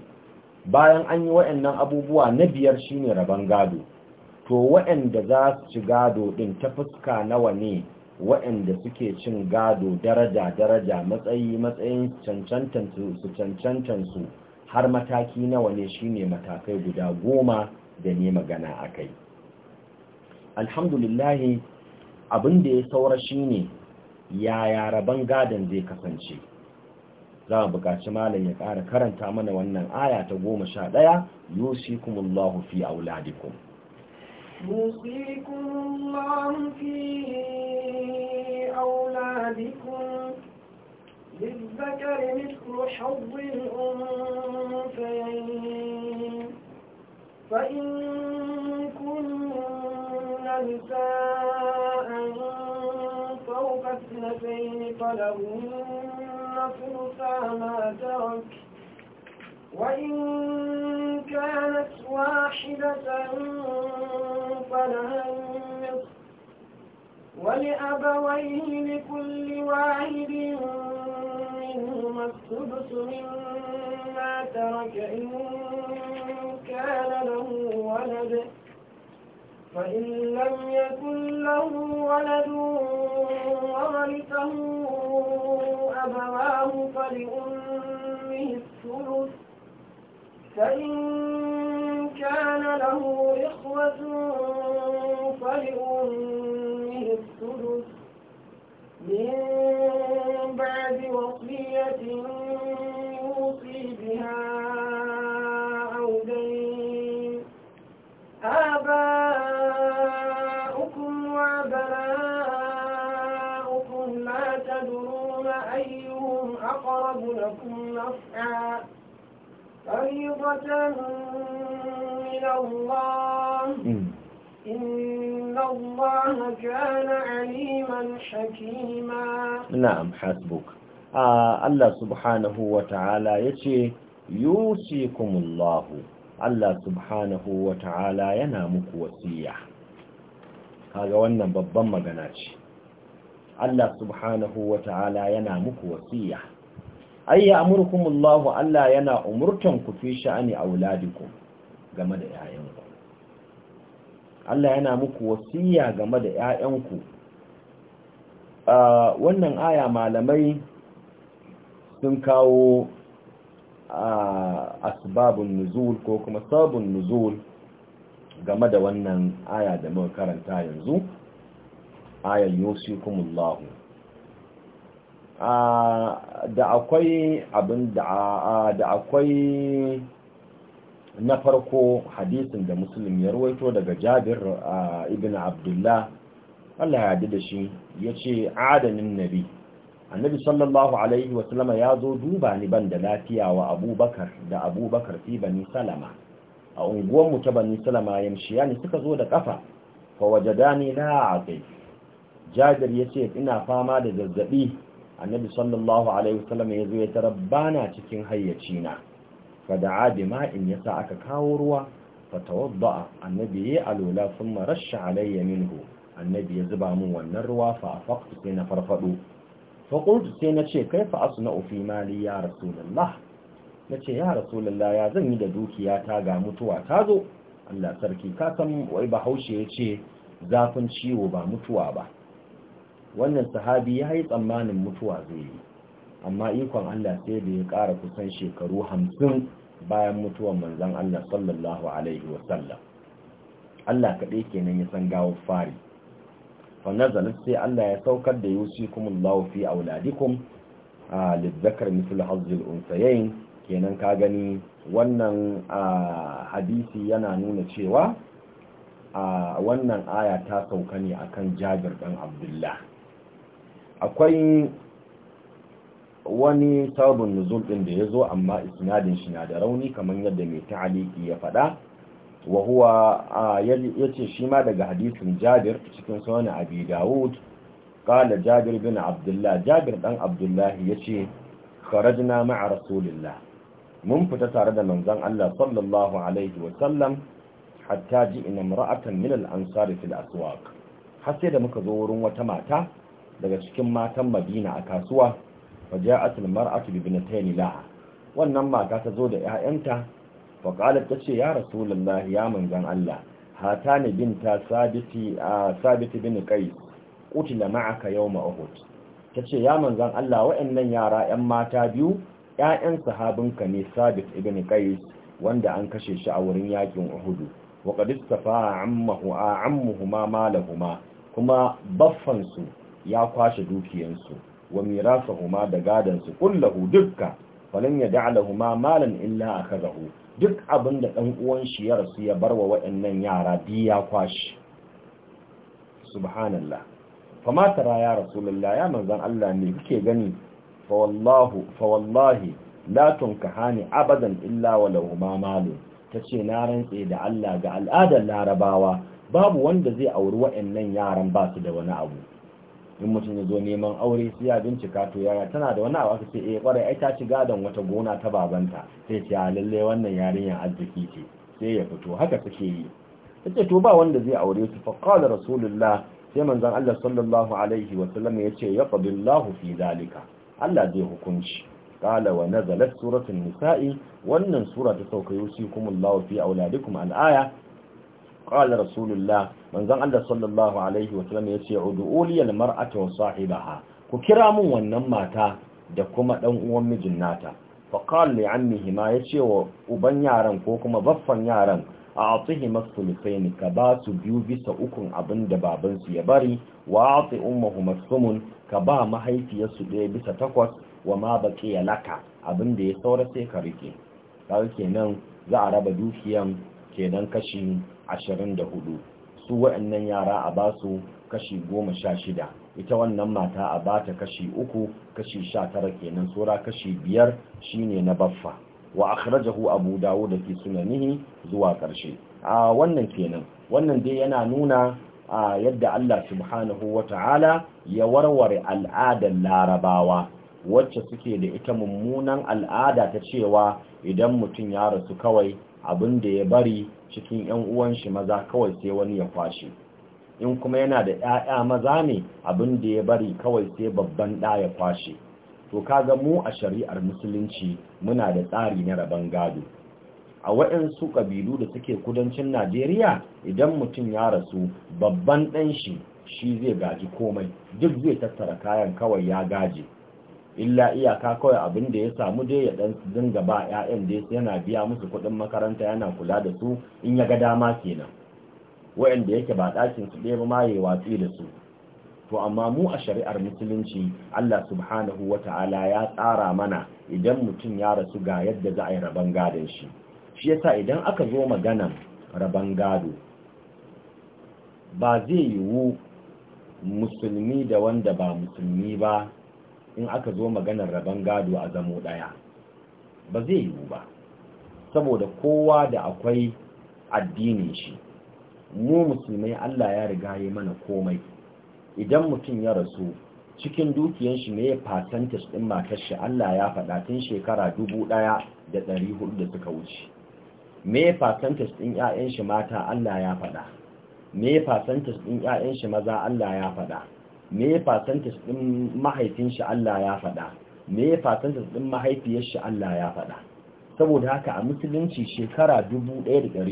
bayan an yi waɗannan abubuwa na biyar shine rabon gado to wayanda za su ci gado ɗin ta fuska nawa ne wayanda suke cin gado daraja daraja matsayi matsayin cancantansu su cancantan su har mataki nawa ne shine matakai guda goma da ne magana a kai alhamdulillahi abin da ya saura shine ya yara gadon zai kasance za a buƙaci malam ya ƙara karanta mana wannan aya ta goma sha ɗaya yusikumullahu fi auladikum يوصيكم a في أولادكم للذكر مثل حظ الأنثيين فإن كن نساء فوق اثنتين فلهن فرصا ما ترك وإن كانت واحدة فلها النصف ولأبويه لكل واحد منهما السدس مما ترك إن كان له ولد فإن لم يكن له ولد وملكه أبواه فلأمه الثلث فإن كان له إخوة فلأمه الثلث من رحمة من الله إن الله Allah subhanahu wa ta'ala ya ce, Yusikumullahu, Allah subhanahu wa ta'ala yana muku wasiya. Kaga wannan babban magana ce. Allah subhanahu wa ta'ala yana muku wasiya. ai ya amurkumullahu Allah yana umurtan ku fi sha'ani auladikum game da ƴaƴanku Allah yana muku wasiya game da ƴaƴanku wannan aya malamai sun kawo asbabun nuzul ko kuma sabon nuzul game da wannan aya da muka karanta yanzu ayan yusikumullahu da akwai abin da akwai na farko hadisin da musulun ya ruwaito daga jabir ibn abdullah Allah ya da shi ya ce adanin nabi annabi sallallahu alaihi wasallama ya zo duba ni ban da lafiya wa abubakar da abubakar fi bani salama a unguwanmu ta bani salama yamshiya suka zo da kafa fa wajadani la aqi ya yace ina fama da zazzabi annabi sallallahu alaihi wasallam ya zo ya tarabbana cikin hayyacina fada'a ya yasa aka kawo ruwa fatawadda annabi ya alula thumma rashsha alayya minhu annabi ya zuba min wannan ruwa fa afaqtu sai na farfado fa qultu sai na ce kaifa asna'u fi mali ya rasulullah nace ya rasulullah ya zan yi da dukiya ta ga mutuwa ta zo Allah sarki ka san wai bahaushe yace zafin ciwo ba mutuwa ba wannan sahabi ya yi tsammanin mutuwa zai yi amma ikon Allah sai da ya ƙara kusan shekaru hamsin bayan mutuwan manzan Allah sallallahu alaihi wasallam Allah kaɗai kenan ya san gawo fari fa nazalat sai Allah ya saukar da allah fi auladikum a lizzakar mitul hazzul unsayayin kenan ka gani wannan hadisi yana nuna cewa wannan aya ta sauka ne akan Jabir dan Abdullah akwai wani sabon nuzul ɗin da ya zo amma isnadin shi na da rauni kamar yadda mai ta'aliki ya faɗa wa huwa ya ce shi ma daga hadisin jabir cikin sunan abi dawud kala jabir bin abdullah jabir dan abdullah yace kharajna ma'a rasulillah mun fita tare da manzon Allah sallallahu alaihi wa sallam hatta ji ina imra'atan min al-ansar fil aswaq har sai da muka zo wurin wata mata daga cikin matan madina a kasuwa faja'atul mar'atu bi binatayn laha wannan mata ta zo da 'ya'yanta? fa qalat ce ya rasulullah ya manzan Allah ne binta sabiti sabiti bin qais qutila ma'aka yawma uhud ce ya manzan Allah waɗannan yara 'yan mata biyu ƴaƴan sahabinka ne sabit ibn kai wanda an kashe shi a wurin yakin uhud wa qad a ammuhu a malahuma kuma baffansu ya kwashe dukiyansu wa huma da gadansu kullahu dukka falan ya huma malan illa rahu, duk abin da dan uwan shi ya rasu ya barwa waɗannan yara bi ya kwashe. subhanallah fama tara ya rasulullah ya manzon Allah ne kike gani fa wallahu fa wallahi la tunkahani abadan illa walahuma malun tace na rantse da Allah ga al'adar larabawa babu wanda zai auri waɗannan yaran ba su da wani abu in mutum ya zo neman aure sai ya bincika to yaya tana da wani abu aka ce eh kwarai ai ta ci gadon wata gona ta babanta sai ce a lalle wannan yarinyar arziki ce sai ya fito haka take yi ce to ba wanda zai aure su fa qala rasulullah sai manzon Allah sallallahu alaihi wa sallam yace yaqdillahu fi zalika Allah zai hukunci qala wa nazalat suratul nisa'i wannan sura ta sauka yusikumullahu fi auladikum al-aya qala rasulullah manzon Allah sallallahu alaihi wa sallam yace ud'uli Uliyal mar'ata wa sahibaha ku kira mun wannan mata da kuma dan uwan mijin nata fa qala li ammihi ma yace wa uban yaran ko kuma baffan yaran a atihi masulisaini ka ba su biyu bisa ukun abin da babansu ya bari wa ati ummuhu masumun ka ba mahaifiyarsu ɗaya bisa takwas wa ma baƙi ya laka abin da ya saura sai ka rike kawai kenan za a raba dukiyan kenan kashi ashirin da hudu su wa'annan yara a basu kashi goma sha shida ita wannan mata a bata kashi uku kashi sha tara kenan tsora kashi biyar shine na baffa wa akhrajahu abu dawud fi sunanihi zuwa karshe a wannan kenan wannan dai yana nuna a yadda Allah subhanahu wata'ala ya warware al'adar larabawa wacce suke da ita mummunan al'ada ta cewa idan mutum ya rasu kawai abin da ya bari cikin yan uwan shi maza kawai sai wani ya kwashe in kuma yana da 'ya'ya maza ne abin da ya bari kawai sai babban ɗa ya kwashe to kaga mu a shari'ar musulunci muna da tsari na rabon gado a waɗansu ƙabilu da suke kudancin najeriya idan mutum ya rasu babban ɗan shi shi zai gaji komai duk zai tattara kayan kawai ya gaje illa iyaka kawai abin da ya samu dai ya dan dinga ba ƴaƴan dai yana biya musu kuɗin makaranta yana kula da su in ya ga dama kenan wa'anda yake ba ɗakin su ɗaya ba ma yayi watsi da su to amma mu a shari'ar musulunci Allah subhanahu wata'ala ya tsara mana idan mutum ya rasu ga yadda za a yi rabon gadon shi shi yasa idan aka zo maganan rabon gado ba zai yiwu musulmi da wanda ba musulmi ba in aka zo maganar rabon gado a zamo ɗaya ba zai yiwu ba saboda kowa da akwai addinin shi mu musulmai Allah ya riga ya mana komai idan mutum ya rasu cikin dukiyar shi ne ɗin din matar shi Allah ya faɗa tun shekara dubu ɗaya da ɗari hudu da suka wuce me percentage din ƴaƴan shi mata Allah ya faɗa me percentage din ƴaƴan shi maza Allah ya faɗa me su ɗin mahaifin shi Allah ya faɗa me su ɗin mahaifiyar shi Allah ya faɗa saboda haka a musulunci shekara dubu ɗaya da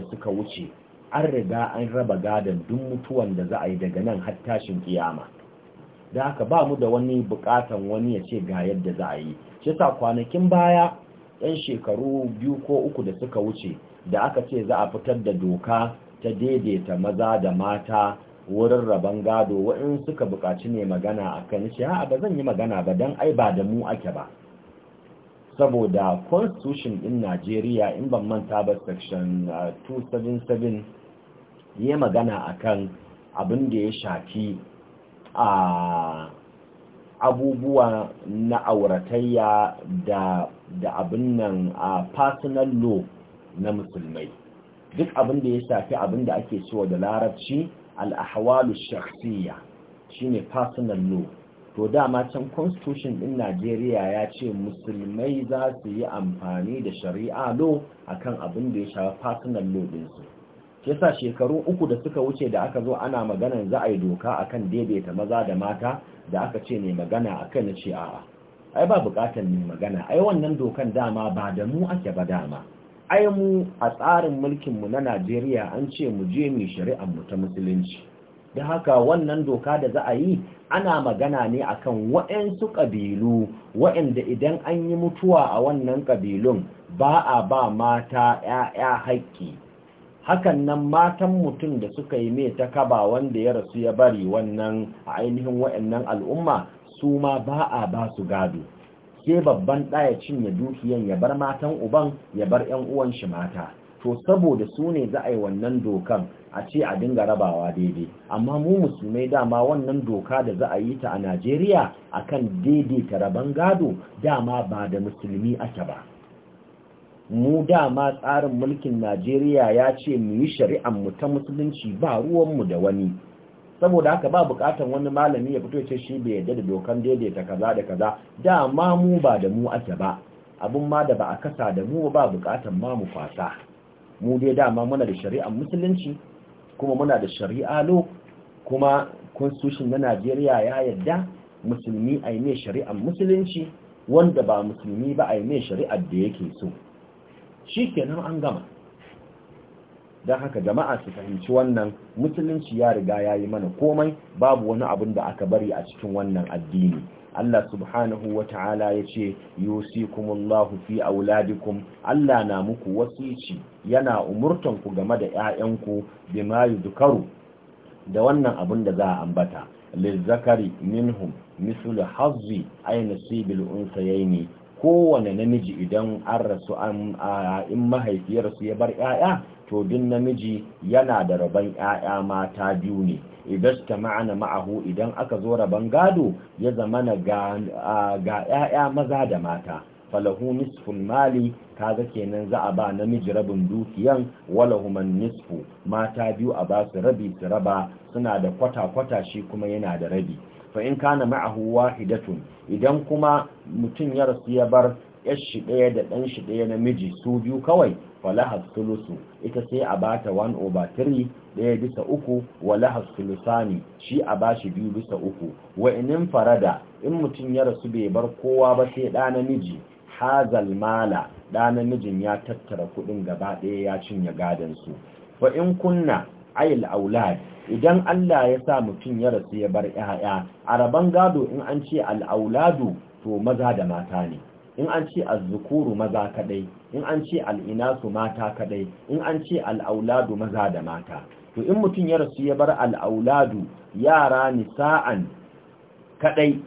da suka wuce an riga an raba gadon duk mutuwan da za a yi daga nan har tashin kiyama da haka ba mu da wani bukatan wani ya ce ga yadda za a yi shi sa kwanakin baya yan shekaru biyu ko uku da suka wuce da aka ce za a fitar da doka ta daidaita maza da mata wurin rabon gado wa'in suka buƙaci ne magana a kan shi ha ba zan yi magana ba don ai ba da mu ake ba saboda constitution in najeriya in ban manta ba section 277 uh, ya magana a kan abin da ya shafi a abubuwa na auratayya da da abin nan a personal law na musulmai duk abin da ya shafi abin da ake cewa da larabci al-ahwalu shakhsiyya shine personal law to dama can constitution din Najeriya ya ce musulmai za su yi amfani da shari'a law akan abin da ya shafi personal law din su yasa shekaru uku da suka wuce da aka zo ana maganan za a yi doka akan daidaita maza da mata da aka ce ne magana akan na ce a'a ai ba buƙatar ne magana ai wannan dokan dama ba da mu ake ba dama ai mu a tsarin mulkin mu na Najeriya an ce mu je mu shari'ar mu ta musulunci da haka wannan doka da za a yi ana magana ne akan waɗansu ƙabilu waɗanda idan an yi mutuwa a wannan ƙabilun ba a ba mata ƴaƴa haƙƙi hakan nan matan mutum da suka yi mai ta kaba wanda ya rasu ya bari wannan a ainihin waɗannan al'umma su ma ba a ba su gado sai babban ɗaya cinye dukiyan ya bar matan uban ya bar 'yan uwan shi mata to saboda su ne za a yi wannan dokan a ce a dinga rabawa daidai amma mu musulmai dama wannan doka da za a yi ta a najeriya akan daidaita rabon gado dama ba da musulmi ake ba mu dama tsarin mulkin najeriya ya ce mu yi shari'an mu ta musulunci ba ruwanmu da wani saboda haka ba bukatan wani malami ya fito ce shi bai yadda da dokan daidaita kaza da kaza dama mu ba da mu ake ba abun ma da ba a kasa da mu ba bukatan ma mu fasa mu dai dama muna da shari'ar musulunci kuma muna da shari'a lo kuma constitution na Najeriya ya yadda musulmi a yi mai shari'ar musulunci wanda ba musulmi ba a yi mai shari'ar da yake so shi kenan an gama don haka jama'a su fahimci wannan musulunci ya riga ya yi mana komai babu wani abin da aka bari a cikin wannan addini Allah subhanahu wa ta'ala ya ce yusikumullahu fi auladikum Allah na muku wasici yana umurtanku game da 'ya'yanku bima yudkaru da wannan abin da za a ambata lizzakari minhum mislu hazzi ay sibil unsayaini kowane namiji idan an rasu a in mahaifiyarsu ya bar 'ya'ya to din namiji yana da rabon ƴaƴa mata biyu ne idan ta ma'ana ma'ahu idan aka zo rabon gado ya zama na ga ƴaƴa maza da mata falahu nisfun mali kaga kenan za a ba namiji rabin dukiyan walahuman nisfu mata biyu a ba su rabi su raba suna da kwata-kwata shi kuma yana da rabi fa in kana ma'ahu wahidatun idan kuma mutum ya rasu ya bar yashi ɗaya da ɗan shi ɗaya namiji su biyu kawai Fala sulusu ita sai a bata 1 over 3 daya bisa uku walaha sulusani shi a bashi biyu bisa uku wa'inin farada in mutum ya rasu bai bar kowa ba sai ɗa namiji hazal mala ɗa namijin ya tattara kuɗin gaba ɗaya ya cinye gadon su fa in kunna ayil aulad idan Allah ya sa mutum ya rasu ya bar 'ya'ya a rabon gado in an ce al'auladu to maza da mata ne in an ce azzukuru maza kadai in an ce al'inasu mata kadai in an ce al'auladu maza da mata to in mutum ya rasu ya bar al'auladu yara nisa'an kadai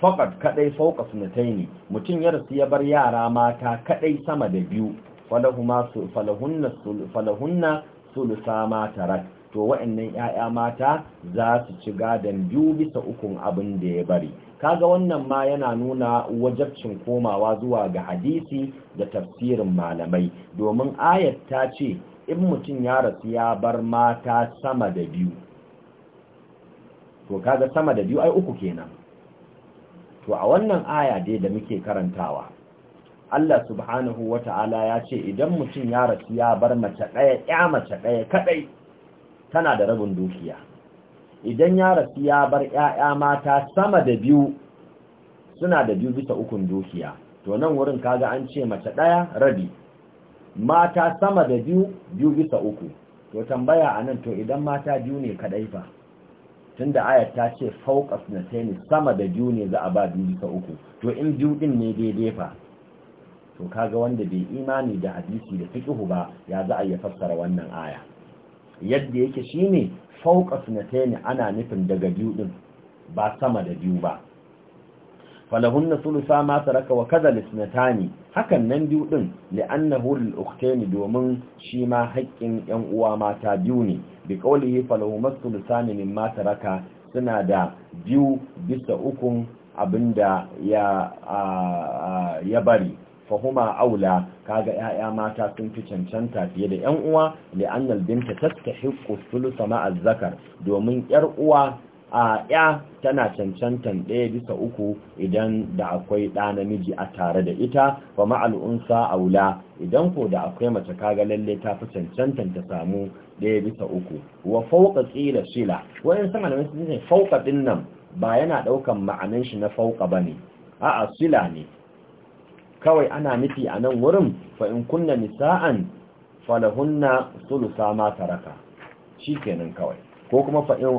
faqat kadai fawqa sunataini mutum ya rasu ya bar yara mata kadai sama da biyu falahuma falahunna falahunna sulusa ma tarak to wa'annan 'ya'ya mata za su ci gadan biyu bisa ukun abin da ya bari kaga wannan ma yana nuna wajabcin komawa zuwa ga hadisi da tafsirin malamai domin ayat ta ce in mutum ya rasu ya bar mata sama da biyu to kaga sama da biyu ai uku kenan to a wannan aya dai da muke karantawa Allah subhanahu wata'ala ya ce idan mutum ya rasu ya bar mace ɗaya ya mace ɗaya kaɗai tana da rabin dukiya idan ya rasu ya bar ‘ya'ya mata sama da biyu suna da biyu bisa ukun dukiya to nan wurin kaga an ce mace ɗaya rabi mata sama da biyu biyu bisa uku to tambaya a nan to idan mata biyu ne kadai ba tunda ayat ta ce na nataini sama da biyu ne za a ba biyu bisa uku to in biyu din ne daidai fa to kaga wanda bai imani da hadisi da fiƙihu ba ya za a iya fassara wannan aya yadda yake shine fauka sunatayni ana nufin daga biyu din ba sama da biyu ba falahunna sulusa ma taraka wa kaza lisnatani hakan nan biyu din li'annahu lil domin shi ma haƙƙin ƴan uwa mata biyu ne bi qawlihi falahuma sulusani mimma taraka suna da biyu bisa ukun abinda ya ya bari fahuma aula kaga yaya mata sun fi cancanta fiye da yan uwa li annal binta tastahiqqu thulutha ma az domin yar uwa a ya tana cancantan ɗaya bisa uku idan da akwai ɗa namiji a tare da ita fama'al'unsa ma'al unsa aula idan ko da akwai mace kaga lalle ta fi cancantan ta samu ɗaya bisa uku wa Fauka qila shila Wani sama da mutum ne fauqa din nan ba yana ɗaukan ma'anin shi na ba bane a'a sila ne kawai ana nufi a nan wurin fa in kunna nisa'an falahunna sulusa ma taraka kenan kawai ko kuma fa in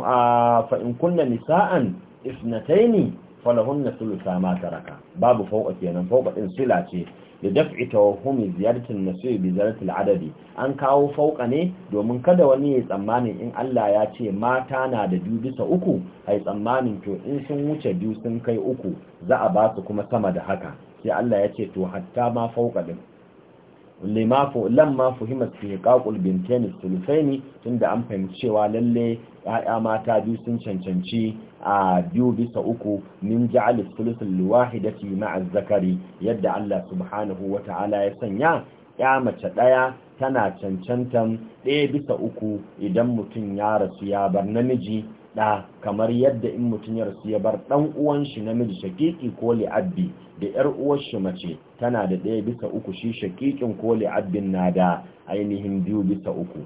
fa in kunna nisa'an isnataini falahunna sulusa ma taraka babu fauka kenan fauka din sila ce da daf'i tawahumi ziyaratin nasir bi ziyaratil adadi an kawo fauka ne domin kada wani ya tsammanin in Allah ya ce mata na da biyu bisa uku ai tsammanin to in sun wuce biyu sun kai uku za a ba su kuma sama da haka sai Allah ya ce to hatta ma fauka din lima fu lamma fuhimat fi qaqul bintain sulusaini tunda an fahimci cewa lalle ya'ya mata biyu sun cancanci a biyu bisa uku min ja'al sulusul liwahidati ma'a zakari yadda Allah subhanahu wata'ala ya sanya ya mace daya tana cancantan ɗaya bisa uku idan mutum ya rasu ya bar namiji ɗa kamar yadda in mutum ya rasu ya bar ɗan uwan shi namiji shakiki ko li'abbi da ƴar uwar shi mace tana da ɗaya bisa uku shi shakikin ko li'abbin na da ainihin biyu bisa uku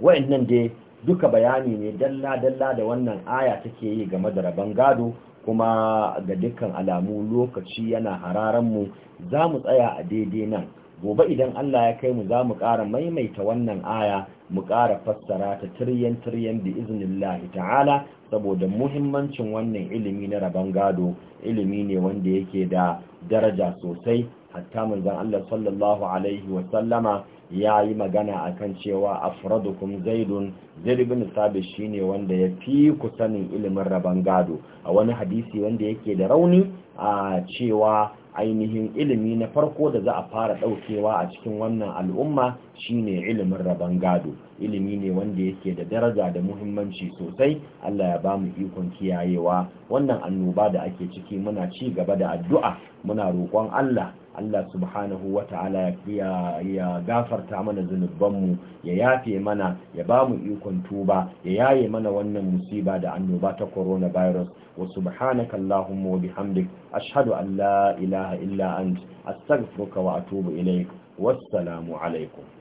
wa'annan dai duka bayani ne dalla-dalla da wannan aya take yi game da rabon gado kuma ga dukkan alamu lokaci yana hararan mu za mu tsaya a daidai nan gobe idan Allah ya kai mu za mu ƙara maimaita wannan aya mu ƙara fassara ta tiryan tiryan bi iznillahi ta'ala saboda muhimmancin wannan ilimi na rabon gado ilimi ne wanda yake da daraja sosai hatta manzan Allah sallallahu alaihi wa sallama ya yi magana a kan cewa afradukum zaidun zirgin sabi shi shine wanda ya fi ku sanin ilimin rabon gado a wani hadisi wanda yake da rauni a cewa ainihin ilimi na farko da za a fara ɗaukewa a cikin wannan al'umma shine ilimin rabon gado ilimi ne wanda yake da daraja da muhimmanci sosai Allah ya bamu ikon kiyayewa wannan annoba da ake ciki muna ci gaba da addu'a muna roƙon Allah Allah subhanahu wa ta'ala ya gafarta mana zunubanmu ya yafe mana ya ba mu ikon tuba ya yaye mana wannan musiba da annoba ta coronavirus wa subhanakallahu allahumma wa Ashadu ashhadu an la ilaha illa ant astaghfiruka wa atubu ilaik wassalamu alaikum